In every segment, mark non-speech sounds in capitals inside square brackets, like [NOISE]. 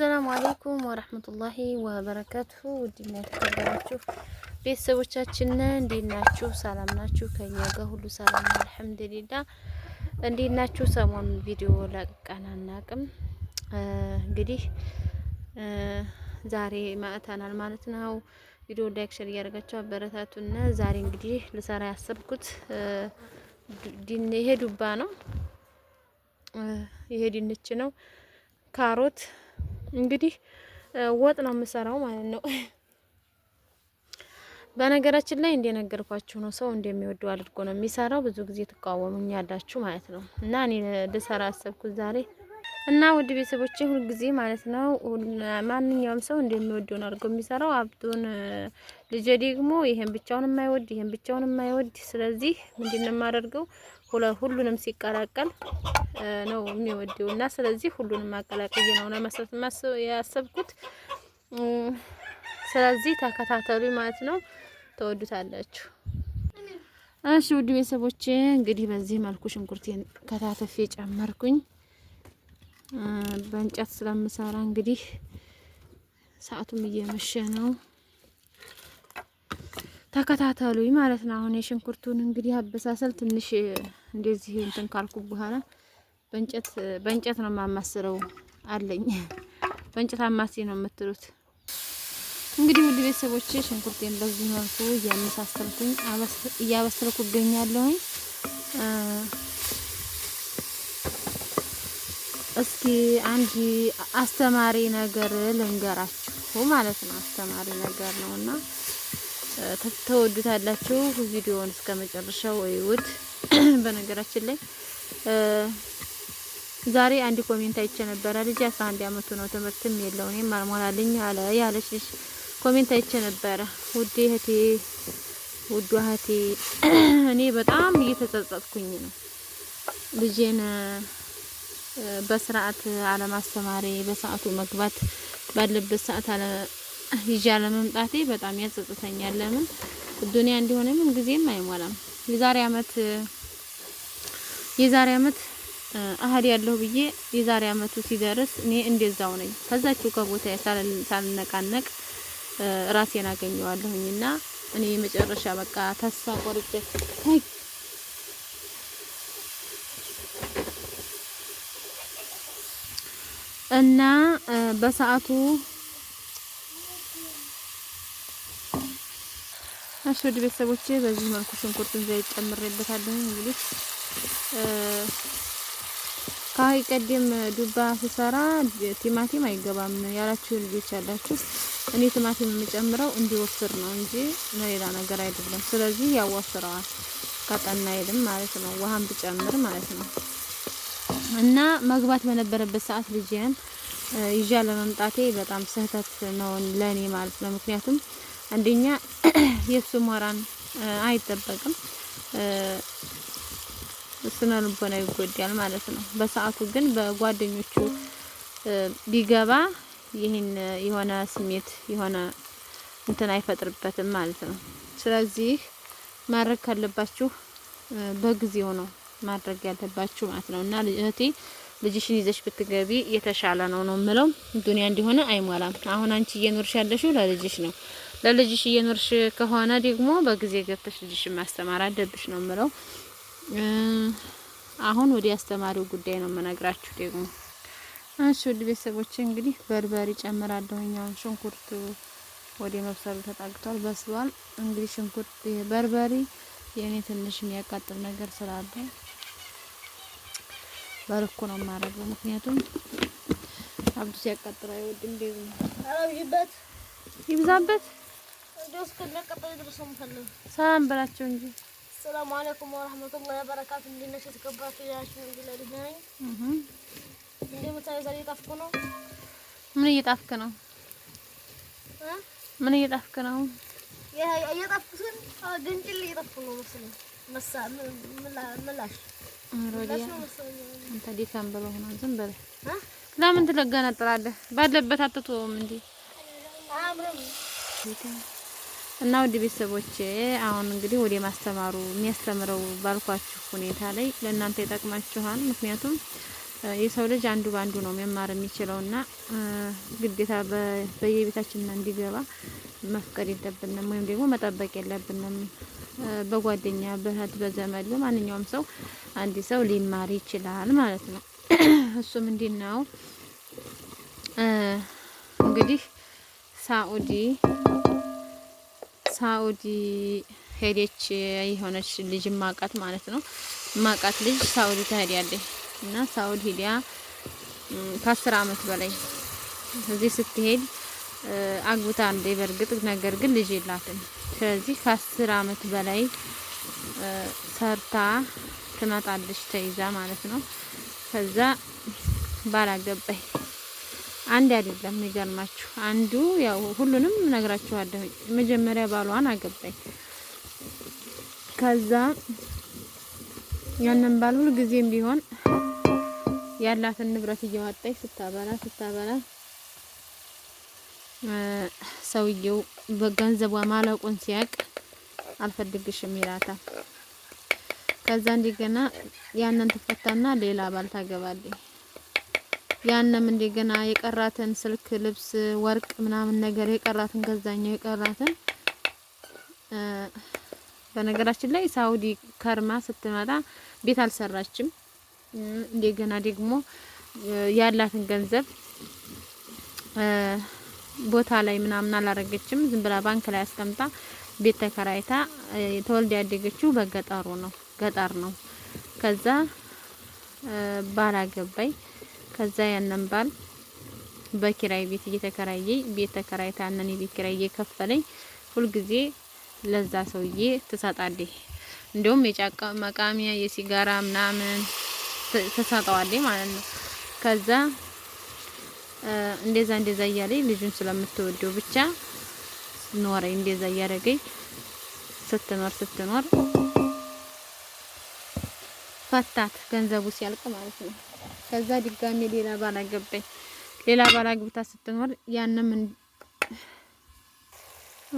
አሰላሙ አሌይኩም ወረህመቱላሂ ወበረካቱሁ። ውድና የተከበራችሁ ቤተሰቦቻችን እንዴት ናችሁ? ሰላም ናችሁ? ከኛ ጋር ሁሉ ሰላም አልሐምዱሊላህ። እንዴት ናችሁ? ሰሞኑን ቪዲዮ ለቅቀን አናውቅም። እንግዲህ ዛሬ መጥተናል ማለት ነው። ቪዲዮ ላይክ፣ ሼር እያደረጋችሁ አበረታቱና ዛሬ እንግዲህ ልሰራ ያሰብኩት ይሄ ዱባ ነው። ይሄ ድንች ነው። ካሮት እንግዲህ ወጥ ነው የምሰራው ማለት ነው። በነገራችን ላይ እንደነገርኳችሁ ነው፣ ሰው እንደሚወደው አድርጎ ነው የሚሰራው። ብዙ ጊዜ ያላችሁ ማለት ነው እና እኔ ልሰራ አሰብኩት ዛሬ እና ውድ ቤተሰቦቼ ሁልጊዜ ማለት ነው ማንኛውም ሰው እንደሚወደውን ነው አድርገው የሚሰራው። አብዱን ልጅ ደግሞ ይሄን ብቻውን የማይወድ ይሄን ብቻውን የማይወድ ስለዚህ ምንድን ነው የማደርገው ሁሉንም ሲቀላቀል ነው የሚወደው እና ስለዚህ ሁሉንም አቀላቅዬ ነው ለመስራት ያሰብኩት። ስለዚህ ተከታተሉ ማለት ነው ተወዱታላችሁ። እሺ ውድ ቤተሰቦቼ እንግዲህ በዚህ መልኩ ሽንኩርቴን ከታተፌ ጨመርኩኝ። በእንጨት ስለምሰራ እንግዲህ ሰዓቱም እየመሸ ነው። ተከታተሉኝ ማለት ነው። አሁን የሽንኩርቱን እንግዲህ አበሳሰል ትንሽ እንደዚህ እንትን ካልኩ በኋላ በእንጨት በእንጨት ነው የማማስለው አለኝ። በእንጨት አማሴ ነው የምትሉት እንግዲህ ውድ ቤተሰቦቼ ሽንኩርቴን በዚህ መልኩ እያመሳሰልኩኝ እያበሰልኩ እገኛለሁኝ። እስኪ አንድ አስተማሪ ነገር ልንገራችሁ ማለት ነው። አስተማሪ ነገር ነውና ተወዱታላችሁ። ቪዲዮውን እስከ መጨረሻው እዩት። [CLEARS THROAT] በነገራችን ላይ ዛሬ አንድ ኮሜንት አይቼ ነበረ። ልጅ አንድ አመቱ ነው፣ ትምህርትም የለው እኔም አልሞላልኝ አለ ያለች ልጅ ኮሜንት አይቼ ነበረ። ውዴ እህቴ፣ ውዷ እህቴ፣ [CLEARS THROAT] እኔ በጣም እየተጸጸጥኩኝ ነው ልጄን በስርዓት አለማስተማሪ በሰዓቱ መግባት ባለበት ሰዓት አለ ይዤ አለመምጣቴ በጣም ያጸጽተኛል። ለምን ዱንያ እንዲሆነ ምን ጊዜም አይሞላም። የዛሬ አመት የዛሬ አመት አህድ ያለሁ ብዬ የዛሬ አመቱ ሲደርስ እኔ እንደዛው ነኝ። ከዛችሁ ከቦታ ሳልነቃነቅ ራሴን አገኘዋለሁኝና እኔ የመጨረሻ በቃ ተስፋ ቆርጬ እና በሰዓቱ አሽዱ ውድ ቤተሰቦቼ በዚህ መልኩ ሽንኩርቱን ዘይት ጨምሬበታለሁ። እንግዲህ ከዚህ ቀደም ዱባ ስሰራ ቲማቲም አይገባም ያላችሁ ልጆች ያላችሁ፣ እኔ ቲማቲም የምጨምረው እንዲወፍር ነው እንጂ ለሌላ ነገር አይደለም። ስለዚህ ያወፍረዋል፣ ቀጠን አይልም ማለት ነው። ውሃም ብጨምር ማለት ነው። እና መግባት በነበረበት ሰዓት ልጅን ይዣ ለመምጣቴ በጣም ስህተት ነው ለኔ ማለት ነው። ምክንያቱም አንደኛ [CLEARS THROAT] የእሱ ሞራን አይጠበቅም፣ ስነ ልቦና ይጎዳል ማለት ነው። በሰዓቱ ግን በጓደኞቹ ቢገባ ይህን የሆነ ስሜት የሆነ እንትን አይፈጥርበትም ማለት ነው። ስለዚህ ማድረግ ካለባችሁ በጊዜው ነው። ማድረግ ያለባችሁ ማለት ነው። እና እህቴ ልጅሽን ይዘሽ ብትገቢ የተሻለ ነው ነው የምለው። ዱንያ እንዲሆነ አይሟላም። አሁን አንቺ እየኖርሽ ያለሽው ለልጅሽ ነው። ለልጅሽ እየኖርሽ ከሆነ ደግሞ በጊዜ ገብተሽ ልጅሽን ማስተማር አለብሽ ነው የምለው። አሁን ወደ አስተማሪው ጉዳይ ነው የምነግራችሁ ደግሞ። እሺ ውድ ቤተሰቦቼ እንግዲህ በርበሬ ጨምራለሁ። አሁን ሽንኩርት ወደ መብሰሉ ተጠግቷል፣ በስሏል። እንግዲህ ሽንኩርት በርበሬ የእኔ ትንሽ የሚያቃጥል ነገር ስላለ በርኩ ነው የማደርገው። ምክንያቱም አብዱ ሲያቃጥል አይወድም። ቤዙ አረብይበት ይብዛበት ድረስ ሰላም በላቸው እንጂ። ሰላም አለይኩም ወራህመቱላሂ ወበረካቱ። እንዴት ነሽ? የተከበራችሁ ያችሁ እህ እንደምታዩ ዛሬ እየጣፍኩ ነው። ምን እየጣፍክ ነው? ምን እየጣፍክ ነው? ያ እየጣፍኩትን አገንጭል እየጣፍኩ ነው መሰለኝ መሳ ምላሽ አንተ ዲካም ብለው ሆኖ ዝም በለ። ለምን ትለገነጥላለህ? ባለበት አትተውም እንዴ? እና ውድ ቤተሰቦቼ አሁን እንግዲህ ወደ ማስተማሩ የሚያስተምረው ባልኳችሁ ሁኔታ ላይ ለእናንተ ይጠቅማችኋል። ምክንያቱም የሰው ልጅ አንዱ በአንዱ ነው መማር የሚችለውና ግዴታ በየቤታችን እንዲገባ መፍቀድ የለብንም ወይም ደግሞ መጠበቅ የለብንም። በጓደኛ በእህት በዘመድ በማንኛውም ሰው አንድ ሰው ሊማር ይችላል ማለት ነው። [CLEARS THROAT] እሱም እንዲህ ነው እንግዲህ ሳኡዲ ሳኡዲ ሄደች የሆነች ልጅ ማቃት ማለት ነው። ማቃት ልጅ ሳኡዲ ትሄዳለች። እና ሳውዲ ሂዲያ ከአስር አመት በላይ እዚህ ስትሄድ አግብታ እንደ በርግጥ ነገር ግን ልጅ የላትም። ስለዚህ ከአስር አመት በላይ ሰርታ ትመጣለች ተይዛ ማለት ነው። ከዛ ባላገባይ አንድ አይደለም የሚገርማችሁ፣ አንዱ ያው ሁሉንም ነግራችኋለሁ። መጀመሪያ ባሏን አገባኝ። ከዛ ያንን ባል ሁልጊዜም ቢሆን ያላትን ንብረት እያወጣች ስታበላ ስታበላ ሰውየው በገንዘቧ ማለቁን ሲያቅ አልፈልግሽም ይላታል። ከዛ እንደገና ያንን ትፈታና ሌላ ባል ታገባለች። ያንም እንደገና የቀራትን ስልክ፣ ልብስ፣ ወርቅ ምናምን ነገር የቀራትን ከዛኛው የቀራትን በነገራችን ላይ ሳውዲ ከርማ ስትመጣ ቤት አልሰራችም። እንደገና ደግሞ ያላትን ገንዘብ ቦታ ላይ ምናምን አላረገችም። ዝም ብላ ባንክ ላይ አስቀምጣ ቤት ተከራይታ ተወልዳ ያደገችው በገጠሩ ነው፣ ገጠር ነው። ከዛ ባላገባይ ከዛ ያንን ባል በኪራይ ቤት እየተከራየ ቤት ተከራይታ ያንን የቤት ኪራይ እየከፈለኝ ሁልጊዜ ለዛ ሰውዬ ትሰጣለች። እንደውም የጫቃ መቃሚያ የሲጋራ ምናምን ትሰጠዋለች ማለት ነው። ከዛ እንደዛ እንደዛ እያለኝ ልጁን ስለምትወደው ብቻ ኖረ። እንደዛ እያደረገኝ ስትኖር ስትኖር ፈታት፣ ገንዘቡ ሲያልቅ ማለት ነው። ከዛ ድጋሜ ሌላ ባል ሌላ ባላግብታ ስትኖር ያንም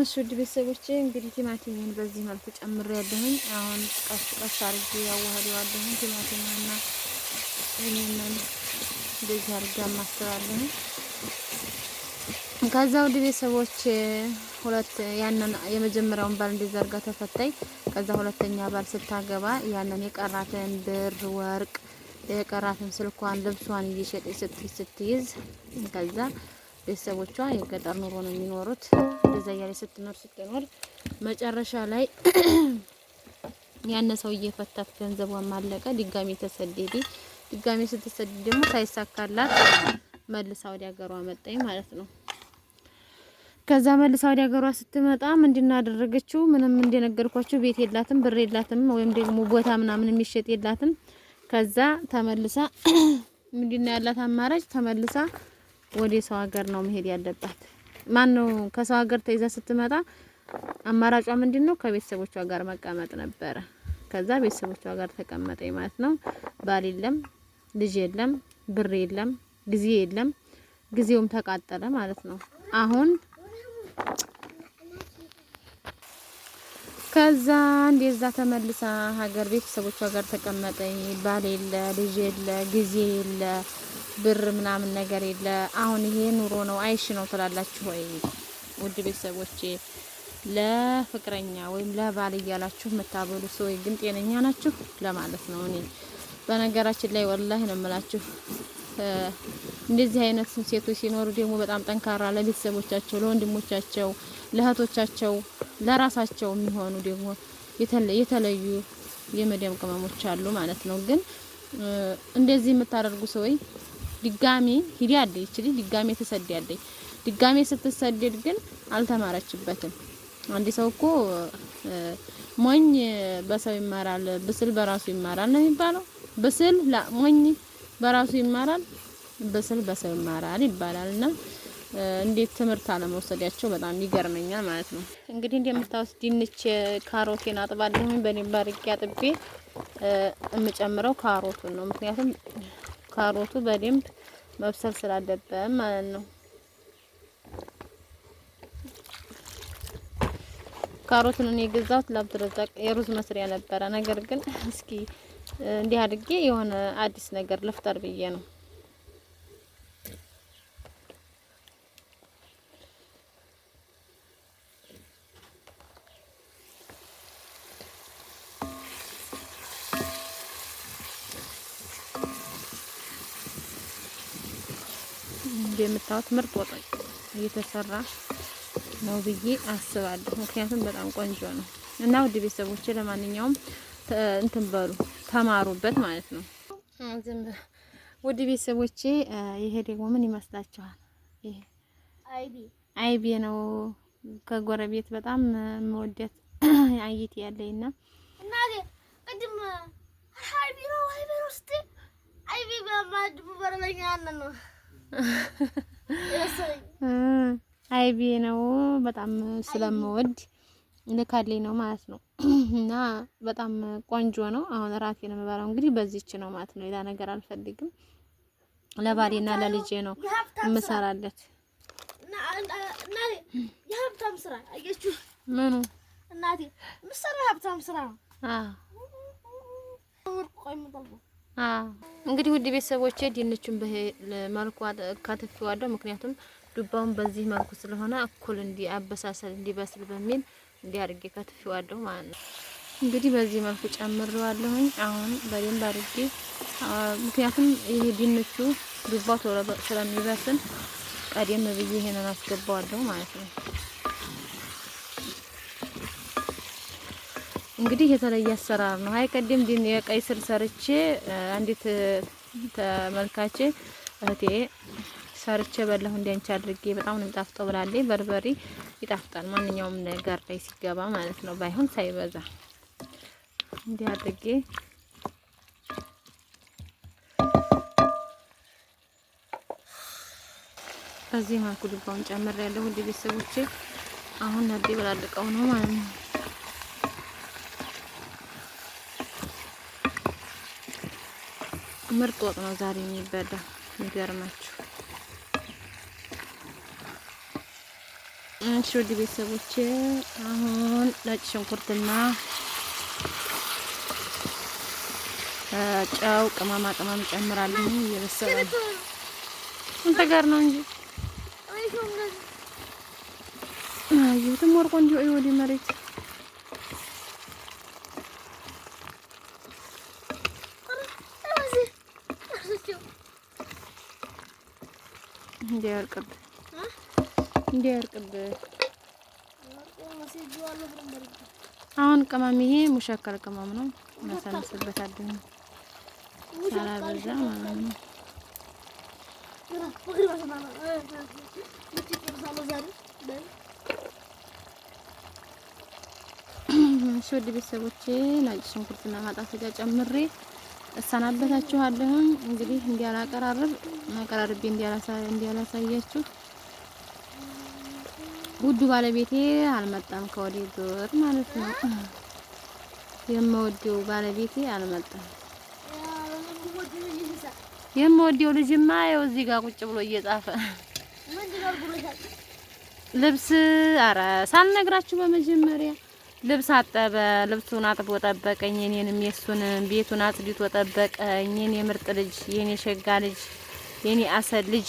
እሺ ውድ ቤተሰቦቼ እንግዲህ ቲማቲሜን በዚህ መልኩ ጨምሬ ያለሁኝ አሁን ቀስ ቀስ አርጌ ያዋህደዋለሁኝ። ቲማቲሜና እኔንን እንደዚህ አርጌ አማስተዋለሁኝ። ከዛ ውድ ቤተሰቦች ሁለት ያንን የመጀመሪያውን ባል እንደዚህ ተፈታኝ። ከዛ ሁለተኛ ባል ስታገባ ያንን የቀራትን ብር ወርቅ የቀራትን ስልኳን ልብሷን እየሸጠች ስትይዝ ከዛ ቤተሰቦቿ የገጠር ኑሮ ነው የሚኖሩት። እንደዛ እያለች ስትኖር ስትኖር መጨረሻ ላይ [CLEARS THROAT] ያነ ሰው እየፈታት ገንዘቧን ማለቀ፣ ድጋሚ ተሰደዲ ድጋሚ ስትሰደድ ደግሞ ሳይሳካላት መልሳ ወደ ሀገሯ መጣኝ ማለት ነው። ከዛ መልሳ ወደ ሀገሯ ስትመጣ ምንድን አደረገችው? ምንም እንደነገርኳችሁ ቤት የላትም፣ ብር የላትም፣ ወይም ደግሞ ቦታ ምናምን የሚሸጥ የላትም። ከዛ ተመልሳ [CLEARS THROAT] ምንድን ያላት አማራጭ ተመልሳ ወደ ሰው ሀገር ነው መሄድ ያለባት። ማን ነው ከሰው ሀገር ተይዛ ስትመጣ አማራጯ ምንድን ነው? ከቤተሰቦቿ ጋር መቀመጥ ነበረ። ከዛ ቤተሰቦቿ ጋር ተቀመጠ ማለት ነው። ባል የለም፣ ልጅ የለም፣ ብር የለም፣ ጊዜ የለም። ጊዜውም ተቃጠለ ማለት ነው። አሁን ከዛ እንደዛ ተመልሳ ሀገር ቤተሰቦቿ ጋር ተቀመጠ። ባል የለ፣ ልጅ የለ፣ ጊዜ የለ ብር ምናምን ነገር የለ። አሁን ይሄ ኑሮ ነው አይሽ ነው ትላላችሁ ወይ? ውድ ቤተሰቦቼ ለፍቅረኛ ወይም ለባል እያላችሁ የምታበሉ ሰው ግን ጤነኛ ናችሁ ለማለት ነው። እኔ በነገራችን ላይ ወላሂ ነው የምላችሁ እንደዚህ አይነት ሴቶች ሲኖሩ ደግሞ በጣም ጠንካራ ለቤተሰቦቻቸው፣ ለወንድሞቻቸው፣ ለእህቶቻቸው፣ ለራሳቸው የሚሆኑ ደግሞ የተለዩ የመደም ቅመሞች አሉ ማለት ነው። ግን እንደዚህ የምታደርጉ ሰዎች ድጋሜ ሂዲ አለ ይችል ድጋሜ ተሰድ ያለኝ ድጋሚ ስትሰደድ ግን አልተማረችበትም። አንድ ሰው እኮ ሞኝ በሰው ይማራል፣ ብስል በራሱ ይማራል ነው የሚባለው። ብስል ሞኝ በራሱ ይማራል፣ ብስል በሰው ይማራል ይባላል እና እንዴት ትምህርት አለመውሰዳቸው በጣም ይገርመኛል ማለት ነው። እንግዲህ እንደምታውስ ድንች ካሮቴን አጥባለሁ። በኔ ባርቄ አጥቤ የምጨምረው ካሮቱን ነው። ምክንያቱም ካሮቱ በደንብ መብሰል ስላለበት ማለት ነው። ካሮቱን እኔ የገዛሁት ለአብዱረዛቅ የሩዝ መስሪያ ነበረ። ነገር ግን እስኪ እንዲህ አድርጌ የሆነ አዲስ ነገር ልፍጠር ብዬ ነው። እንደምታዩት ምርጥ ወጥ እየተሰራ ነው ብዬ አስባለሁ። ምክንያቱም በጣም ቆንጆ ነው እና ውድ ቤተሰቦች ለማንኛውም እንትን በሉ ተማሩበት ማለት ነው። ዝም ውድ ቤተሰቦቼ ይሄ ደግሞ ምን ይመስላችኋል? ይሄ አይቢ ነው። ከጎረቤት በጣም መወደት አይት ያለኝና እናቴ ቅድም አይቢ ነው አይቢ ነው ስትይ አይቢ በማድቡ በረለኛ ነው አይቤ ነው በጣም ስለምወድ ልካልኝ ነው ማለት ነው። እና በጣም ቆንጆ ነው። አሁን ነው የምበላው እንግዲህ በዚች ነው ማለት ነው። ሌላ ነገር አልፈልግም። ለባሌና ለልጄ ነው የምሰራለት። የሀብታም ስራ አየችሁ? ምኑ እናቴ የምትሰራው የሀብታም ስራ ነው። እንግዲህ ውድ ቤተሰቦቼ ድንቹን በመልኩ ካትፌዋለሁ። ምክንያቱም ዱባውን በዚህ መልኩ ስለሆነ እኩል እንዲ አበሳሰል እንዲበስል በሚል እንዲያርጌ ካትፌዋለሁ ማለት ነው። እንግዲህ በዚህ መልኩ ጨምረዋለሁኝ። አሁን በደንብ አድርጌ ምክንያቱም ይሄ ድንቹ ዱባው ስለሚበስል ቀደም ብዬ ይሄንን አስገባዋለሁ ማለት ነው። እንግዲህ የተለየ አሰራር ነው። አይ ቀደም ዲን የቀይ ስር ሰርቼ አንዲት ተመልካቼ እህቴ ሰርቼ በለሁ እንዲያንቺ አድርጌ በጣም ነው የሚጣፍጠው ብላለች። በርበሪ ይጣፍጣል ማንኛውም ነገር ላይ ሲገባ ማለት ነው፣ ባይሆን ሳይበዛ እንዲህ አድርጌ በዚህ መልኩ ዱባውን ጨምሬያለሁ። ውድ ቤተሰቦቼ አሁን ነዴ ብላልቀው ነው ማለት ነው። ምርጥ ወጥ ነው ዛሬ የሚበላ የሚገርማችሁ። እሺ ውድ ቤተሰቦቼ አሁን ነጭ ሽንኩርትና ጨው፣ ቅመማ ቅመም ጨምራለሁ። እየበሰለ እንተ ጋር ነው እንጂ አይ አየሁትም ወርቆ እንዲሁ ወደ መሬት እንዳያርቅብህ እንዳያርቅብህ። አሁን ቅመም ይሄ ሙሸከል ቅመም ነው። እናሳንስበታለን ሳላበዛ ማለት ነው። እሺ ውድ ቤተሰቦቼ ናጭ ሽንኩርትና ማጣፈጫ ጨምሬ እሰናበታችኋለሁኝ። እንግዲህ እንዲያላቀራርብ አቀራርቤ እንዲያላሳያችሁ ውዱ ባለቤቴ አልመጣም፣ ከወዴ ዞር ማለት ነው። የምወደው ባለቤቴ አልመጣም። የምወደው ልጅማ ይኸው እዚህ ጋር ቁጭ ብሎ እየጻፈ ልብስ። አረ ሳልነግራችሁ በመጀመሪያ ልብስ አጠበ። ልብሱን አጥቦ ጠበቀኝ። የኔንም የሱንም ቤቱን አጽድቶ ጠበቀኝ። የኔ ምርጥ ልጅ፣ የኔ ሸጋ ልጅ፣ የኔ አሰል ልጅ።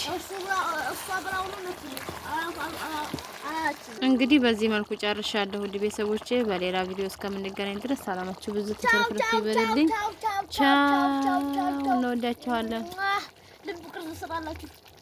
እንግዲህ በዚህ መልኩ ጨርሻለሁ። ውድ ቤተሰቦቼ በሌላ ቪዲዮ እስከምንገናኝ ድረስ ሰላማችሁ ብዙ ትርፍርፍ ይበልልኝ። ቻው፣ እንወዳችኋለን። ልብ ቅርጽ ስራላችሁ